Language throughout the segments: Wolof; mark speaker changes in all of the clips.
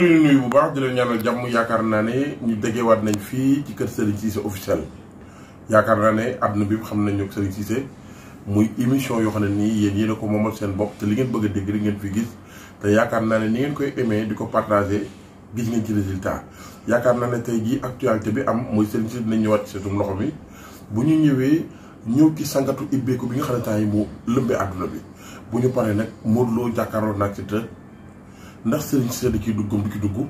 Speaker 1: ñu nuyu bu baax di leen ñaanal jàmm yaakaar naa ne ñu dégewaat nañ fii ci kër Serigne Cissé officiel yaakaar naa ne àdduna bi xam nañ ñoo Serigne Cissé muy émission yoo xam ne nii yéen yéen a ko moomal seen bopp te li ngeen bëgg a dégg li ngeen fi gis yaakaar naa ne ni ngeen koy aimé di ko partagé gis ngeen ci résultat yaakaar naa ne tey jii actualité bi am mooy Serigne Cissé dinañ ñëwaat ci seetum loxo bi bu ñu ñëwee ñu ki sangatu ibbeeku bi nga xam ne temps yi mu lëmbee àdduna bi bu ñu paree nag Modou Lo jàkkaarloo naag ci ndax Serigne Cissé da ciy duggum du ci dugg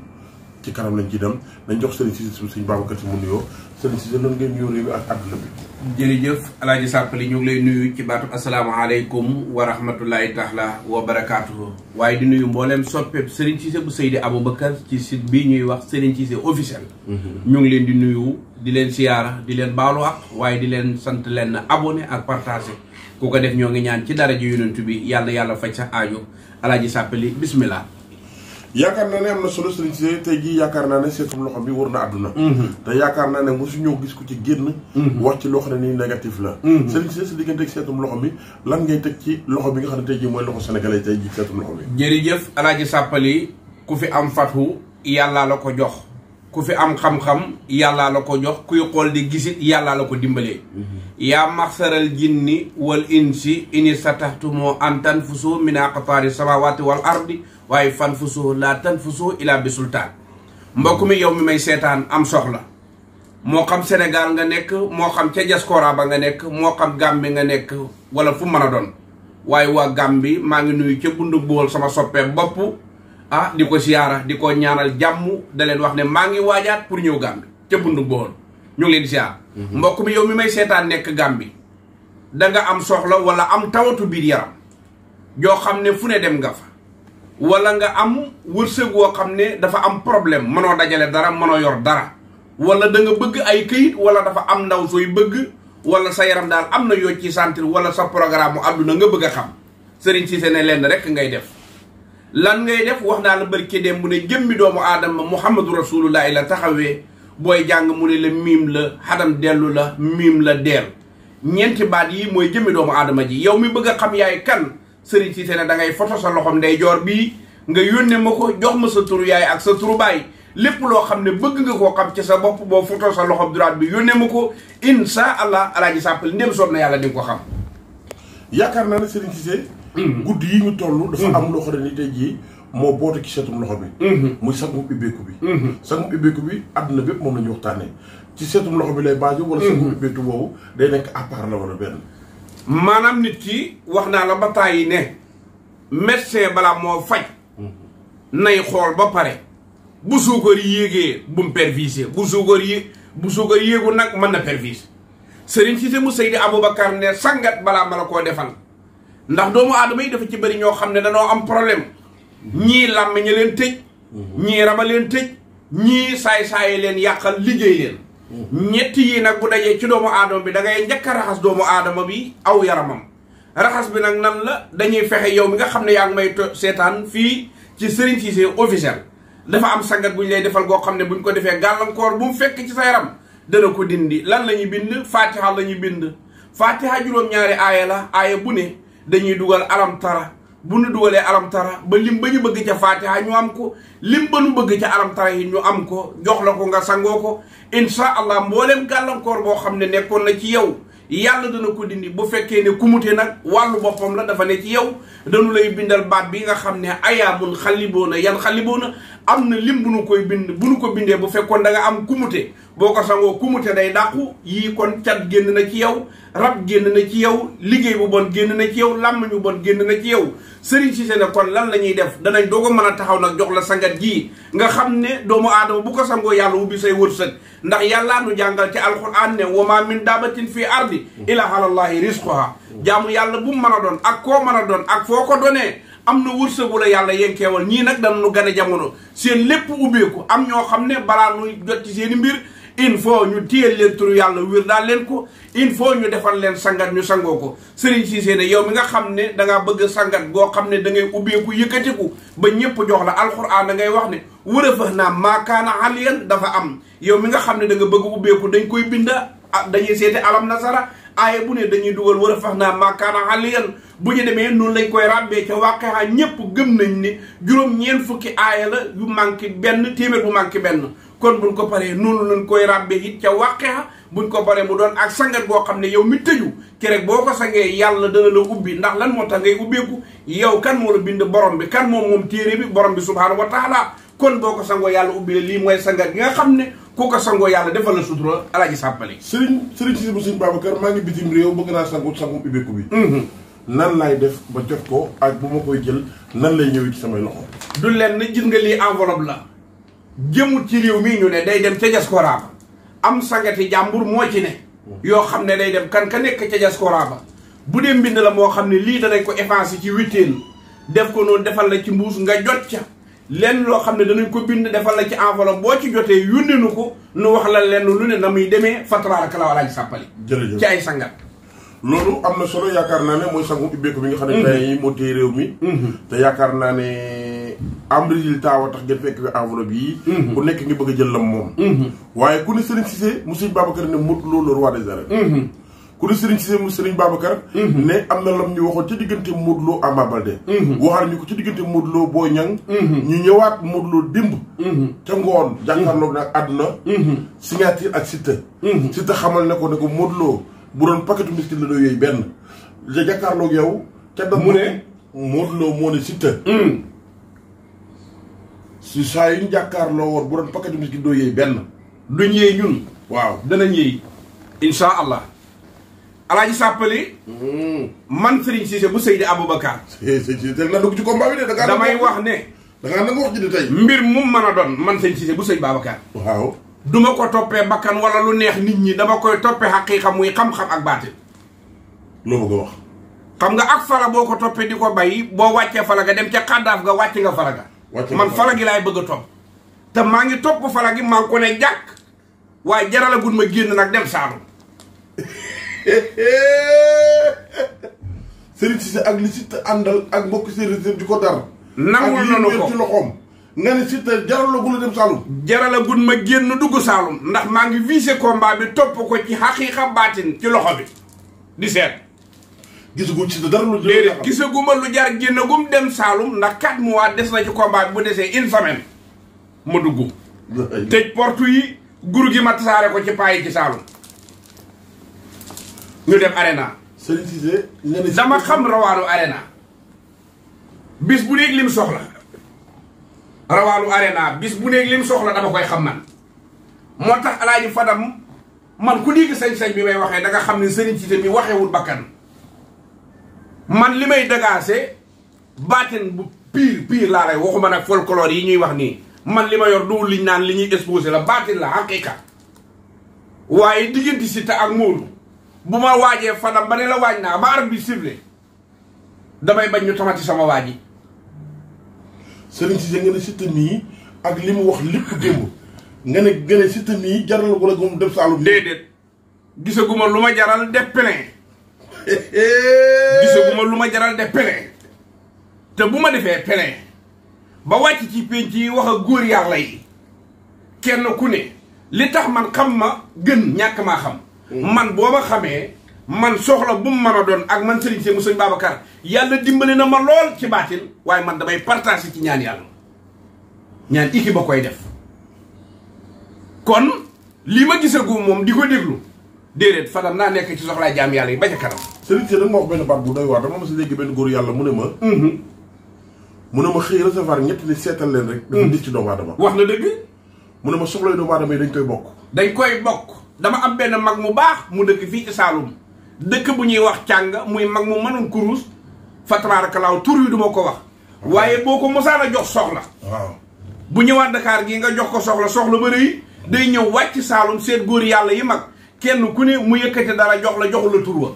Speaker 1: ci kanam lañ ci dem dañ jox Serigne Cissé suñ Babacar Si mu nuyoo Serigne Cissé noonu ngeen ñëw
Speaker 2: réew mi ak àdduna bi. jërëjëf El Hadj Sàppali ñu ngi lay nuyu ci baatu asalaamaaleykum wa rahmatulahi taala wa barakaatuhu. waaye di nuyu mbooleem soppeeb Serigne Cissé bu Seydi Aboubacar ci site bii ñuy wax Serigne Cissé officiel. Mm-hmm. ñu ngi leen di nuyu di leen siyaara di leen baalu ak waaye di leen sant leen abonné ak partagé. ku ko def ñoo ngi ñaan ci dara ji yonent bi yàlla yàlla faj sa aajo alaaji sàppali bismillah
Speaker 1: yaakaar naa ne am na solo Serigne Cissé tey yaakaar naa ne seetum loxo bi wër na àdduna mhm. te yaakaar naa ne mosuñoo gis ko ci génn mhm. wax ci loo xam ne nii négatif la mhm. Serigne Cissé sa diggante ak seetum loxo bi lan ngay teg ci
Speaker 2: loxo bi nga xam ne tey jii mooy loxo sénégalais
Speaker 1: tey jii seetum loxo bi
Speaker 2: jërëjëf Alaaji Sàppali ku fi am fatu yàllaa la ko jox ku fi am xam-xam yàllaa la ko jox kuy xool di gisit yàllaa la ko dimbalee mhm. yaa maxsaral jinni wal insi ini sa taxtumoo an tan fusu min aqtaari samawati wal ardi waaye fan fu fusu la tan fusu ila bi sultaan mbokk mi yow mi may seetaan am soxla moo xam Sénégal nga nekk moo xam ca diaspora ba nga nekk moo xam Gàmbi nga nekk wala fu mën a doon waaye waa Gàmbi maa ngi nuyu ca bundu bool sama soppee bopp ah di ko siyaara di ko ñaanal jàmm daleen wax ne maa ngi waajaat pour ñëw Gàmbi ca bundu bool ñu ngi leen di mhm. mbokk mi yow mi may seetaan nekk Gàmbi da nga am soxla wala am tawatu biir yaram joo xam ne fu ne dem nga fa wala nga am wërsëg woo xam ne dafa am problème mënoo dajale dara mënoo yor dara wala danga bëgg ay këyit wala dafa am ndaw sooy bëgg wala sa yaram daal am na yoo ci sentir wala sa programme mu àdduna nga bëgg a xam Serigne Cissé ne lenn rek ngay def lan ngay def wax naa la barke dem mu ne jëmmi doomu aadama muhammadu rasulullahi la taxawee booy jàng mu ne la miim la xadam dellu la miim la deel ñeenti baat yi mooy jëmmi doomu aadama ji yow mi bëgg a xam yaay kan sëriñ si ne da ngay foto sa loxom ndey bii nga yónnee ma ko jox ma sa turu yaay ak sa turu baay lépp loo xam ne bëgg nga koo xam ci sa bopp boo foto sa loxom droite bi yónnee ma ko insha allah alaaji sàppal ndem soob na yàlla di ko xam
Speaker 1: Mm-hmm. guddi yi ñu toll. dafa am mm-hmm. loo xam ne tey jii moo boote ci seetum loxo bi. Mm-hmm. muy sagum ubbeeku bi. sagum ubbeeku bi àdduna bépp moom la ñu waxtaanee ci seetum loxo bi lay basé. wala
Speaker 2: sagum ubbeeku boobu day nekk à part la wala benn. maanaam nit ki wax naa la ba taay ne. médecin balaa moo faj. nay xool ba pare. bu suukar yéegee bu mu perviser bu suukar yé bu suukar yéegu nag mën na perviser. Serigne Cissé mu Seydi Aboubacar ne sangat balaa ma koo defal. ndax doomu aadama yi dafa ci bëri ñoo xam ne danoo am problème ñii làmmiñ leen tëj ñii raba leen tëj ñii saay-saaye leen yàqal liggéey leen ñetti yii nag bu dajee ci doomu aadama bi da ngay njëkk raxas doomu aadama bi aw yaramam raxas bi nag nan la dañuy fexe yow mi nga xam ne yaa ngi may seetaan fii ci Serigne Cissé officiel dafa am sangat bu ñu lay defal goo xam ne bu ñu ko defee gàllankoor bu mu fekk ci sa yaram dana ko dindi lan la ñuy bind fatiha la ñuy bind fatiha juróom-ñaari la aaya bu ne dañuy dugal alam tara bu nu dugalee alam tara ba lim ba ñu bëgg ca faatiha ñu am ko lim ba nu bëgg ca alam tara yi ñu am ko jox la ko nga sangoo ko insha allah mboolem gàllankoor boo xam ne nekkoon na ci yow yàlla dana ko dindi bu fekkee ne kumute nag wàllu boppam la dafa ne ci yow dañu lay bindal baat bi nga xam ne ayaamun xaliboona yan xaliboona am na lim bu nu koy bind bu nu ko bindee bu fekkoon danga am kumute boo ko sangoo kumute day dàqu yii kon cat génn na ci yow rab génn na ci yow liggéey bu bon génn na ci yow làmm ñu bon génn na ci yow sëriñ si ne kon lan la ñuy def danañ doo ko mën a taxaw nag jox la sangat jii nga xam ne doomu aadama bu ko sangoo yàlla ubbi say wërsëg ndax yàllaa nu jàngal ci alquran ne wa ma min daabatin fii ardi ilaa alallaahi risquha jaamu yàlla bu mu mën a doon ak koo mën a doon ak foo ko donee am na wërsëgu la yàlla yenkeewal ñii nag dañu gën a jamono seen lépp am ñoo xam ne balaa mbir il faut ñu téyel leen turu yàlla wér daal leen ko il faut ñu defal leen sangat ñu sangoo ko Serigne Cissé ne yow mi nga xam ne da ngaa bëgg sangat goo xam ne da ngay ubbeeku yëkkatiku ba ñépp jox la alxuraan da ngay wax ne wër a naa maakaana aliyan dafa am yow mi nga xam ne da nga bëgg ubbeeku dañ koy binda ah, dañuy seete alam nasara aaye bu ne dañuy dugal wër a fax naa maakaana aliyan bu ñu demee noonu lañ koy ràbbee ca wàqehaa ñépp gëm nañ ni juróom ñeent fukki aaya la yu manqué benn téeméer bu manqué benn kon buñ ko paree noonu lañ koy ràbbee it ca wàqeha buñ ko paree mu doon ak sangat boo xam ne yow mi tëju ki rek boo ko sangee yàlla dana la ubbi ndax lan moo tax ngay ubbeeku yow kan moo la bind borom bi kan moom moom téere bi borom bi subhaanahu wa taala kon boo ko sangoo yàlla ubbi la lii mooy sangat gi nga xam ne koo ko sangoo yàlla defal la sutura alaaji sàppali sëriñ sëriñ si bu sëriñ Babacar maa ngi bitim réew bëgg naa sangu sangu ubbeeku bi mm-hmm. nan laay def
Speaker 1: ba jot ko ak bu ma koy jël nan lay ñëwee ci samay loxo.
Speaker 2: du lenn gis nga lii enveloppe la jëmut ci réew mii ñu ne day dem ca diaspora ba am sangati jàmbur moo ci ne. yoo xam ne day dem kan ka nekk ca diaspora bu dee mbind la moo xam ne lii danañ ko effacé ci witteen def ko noonu defal la ci mbuus nga jot ca. lenn loo xam ne danañ ko bind defal la ci enveloppe boo ci jotee yónnee nu ko nu wax la lenn lu ne na muy demee Fatara ak la wala ay ay sangat. loolu am na solo yaakaar naa ne mooy sangu ubbeeku bi nga xam ne mhm. tey
Speaker 1: yi moo téye réew mi mhm. te yaakaar naa ne am résultat wa tax ngeen fekk fi bi yi mhm. ku nekk ngi bëgg a jël la moom waaye ku ne Serigne Cissé mu Serigne ne Lo le roi des arènes ku ne Serigne Cissé ne am na lam ñu waxoon ca diggante Modou Lo Ama Baldé waxaat ñu ko ca diggante Modou boo Boy ñu ñëwaat Modou Lo démb ca ngoon jàkkaarloog nag àdduna signature ak Siteu Siteu xamal ne ko ne ko Modou bu doon paquetu miskit la doo yooyu benn da jàkkaarloog yow ca da mu ne Modou ne mm. ñu
Speaker 2: jàkkaarloo woon bu doon paquetu benn duñ yëy waaw danañ yëy insha allah alaaji sàppali mm. man Serigne Cissé bu eh, na dugg ci combat bi de damay wax ne da mbir mu mën a doon man Serigne Cissé bu Seydi Babacar waaw duma ko toppee bakkan wala lu neex nit ñi dama koy topé haqiqa muy xam-xam ak batil lo bëgg wax xam nga ak fala boo ko diko di ko wacce boo wàccee fala ga dem ca xàddaaf ga wàcc nga fala ga man fala gi laay bëgg a topp te maa ngi topp fala gi ma ngi ko ne jàkk waaye jaralagun ma génn nag dem saaru Serigne ci ak li ci andal ak mbokk Serigne di dar nangul nanu ko loxoom nga ne Siteu jaralagu la dem ma génn dugg Saalum. ndax maa ngi visé combat bi topp ko ci xaqiiqa baatin ci loxo bi di seet. gisagu Siteu dara lu. déedéet gisagu ma lu jar génnagum dem Saalum ndax 4 mois des na ci combat bi bu desee une semaine ma dugg. tëj portu yi gur gi ma tasaare ko ci paa yi ci Saalum ñu dem arena Serigne Cissé dama xam rawaanu arena bis bu nekk lim soxla. rawaalu arena bis bu nekk lim soxla dama koy xam man moo tax alaaji fadam man ku dégg sañ-sañ bi may waxee da nga xam ne sëriñ Cissé mi waxewul bakkan man li may dagaase baatin bu pire pire laa lay waxuma nag folklore yi ñuy wax nii man li ma yor duwul liñ naan li ñuy exposé la baatin la xaqiqa waaye diggante Siteu ak Modou bu ma waajee fadam ba ne la waañ naa ba arbitre bi sifflé damay bañ ñu tamati sama waaj yi Serigne Cissé nga ne Siteu nii ak li mu wax lépp démb nga ne nga ne Siteu nii jaral ko la ko mu def Saalum. déedéet ma lu ma jaral def pelin. gisaguma lu ma jaral def pelin. te bu ma defee pelin ba wàcc ci penc yi wax ak góor yàlla yi kenn ku ne li tax man xam ma gën ñàkk maa xam. Mm. man boo ma xamee. man soxla bu mu mën a doon ak man Serigne Sy mu sëñ Babacar yàlla dimbali na ma lool ci baatin waaye man damay partage ci ñaan yàlla ñaan iki ba koy def kon li ma gisagum moom di ko déglu déedéet fanaan naa nekk ci soxlaa jaam yàlla yi ba ca kanam.
Speaker 1: Serigne Sy nag ma wax benn baat bu doy waar dama mos a dégg benn góor yàlla mu ne ma. Mhm. mu ne ma xëy recevoir ñetti li seetal leen rek. dafa mhm. dis ci doomu aadama. wax na
Speaker 2: dëgg. mu ne ma soxla doomu aadama yi dañ koy bokk. dañ koy bokk dama am benn mag mu baax mu dëkk fii dëkk bu ñuy wax càng muy mag mu mënoon kurus fatarakalaaw tour yu duma ko wax waye boko ko mosaan jox soxla bu ñëwaat Dakar gi nga jox ko soxla soxla ba day ñew wacc salum seet goor yalla yi mag kenn ku ne mu yëkëti dara jox la jox la tour wa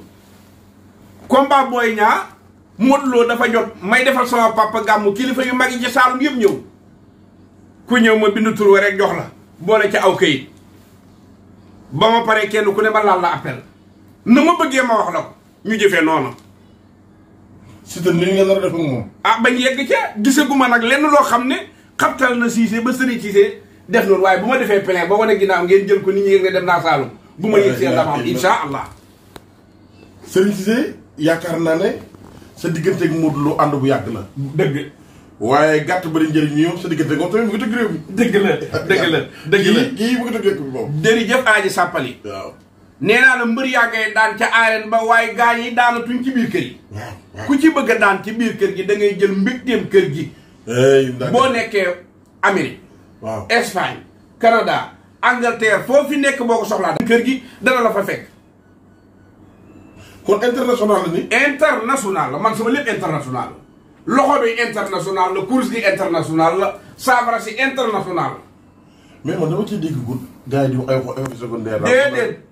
Speaker 2: combat boy ñaa modlo Lo dafa jot may defal sama papa gamu kilifa yu magi ci salum yëp ñew ku ñew ma bind tour wa rek jox la boole ci aw kayit ba ma paree kenn ku ne ma laal la appel na ma bëggee ma wax la ko ñu jëfee noonu. Siteu li nga nar a def ak moom. ah bañ yegg ca gisaguma nag lenn loo xam ne xabtal na Cissé ba sëriñ Cissé def noonu waaye bu ma defee plein ba wane ginnaaw ngeen jël ko ni ñu yëg ne dem naa Saalum. bu ma yëg seen dama am incha allah. sëriñ Cissé
Speaker 1: yaakaar naa ne sa diggante ak lu ànd bu yàgg la. dëgg. waaye gàtt bëri njëriñ mi yow sa diggante moom tamit mu ngi tëgg réew mi. dëgg
Speaker 2: la dëgg la dëgg la kii kii mu Sàppali. nee naa la mbër yaa ngay daan ca arène ba waaye gaañ yi daanatuñ ci biir kër yi ku ci bëgg daan ci biir kër gi da ngay jël mbégteem kër gi boo nekkee Amérique waaw Espagne Canada Angleterre foo fi nekk boo ko soxlaa kër gi dana la fa fekk kon international la la man sama lépp international loxo bi international la course gi international la saafara si international mais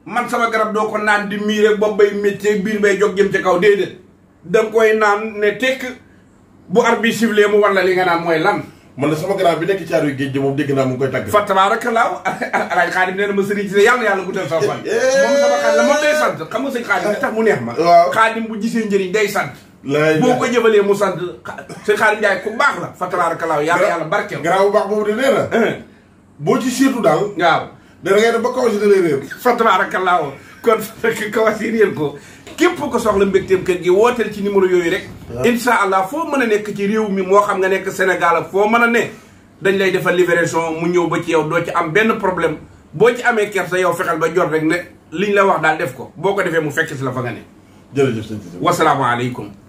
Speaker 2: man sama garab doo ko naan di miire bopp bay métier biir bay jóg jëm ci kaw déedéet. da nga koy naan ne tekk bu ar bi sifflé mu war li nga naan mooy lan. man de sama garab bi nekk ci aaru géej gi moom dégg naa mu ngi koy tàgg. fa tabaarakallaahu alaaj xaadim nee na ma sëriñ si ne yàlla yàlla guddal sa fan. moom sama xaadim mu neex ma. waaw xaadim bu gisee njëriñ day sant. boo ko jëbalee mu sant sëñ xaadim Njaay ku baax la. fa tabaarakallaahu yàlla yàlla barkeel. garaaw bu boo ci seetu daal. waaw da ngay def ba kawas yi da lay réer. kon kawas yi réer ko képp ko soxla mbégteem kër gi wooteel ci numéro yooyu rek. insha allah foo mën a nekk ci réew mi moo xam nga nekk Sénégal ak foo mën a ne. dañ lay defal libération mu ñëw ba ci yow doo ci am benn problème boo ci amee kersa yow fexeel ba jot rek ne liñ la wax daal def ko boo ko defee mu fekk si la fa nga ne.
Speaker 1: jërëjëf sëñ bi
Speaker 2: wasalaamaaleykum.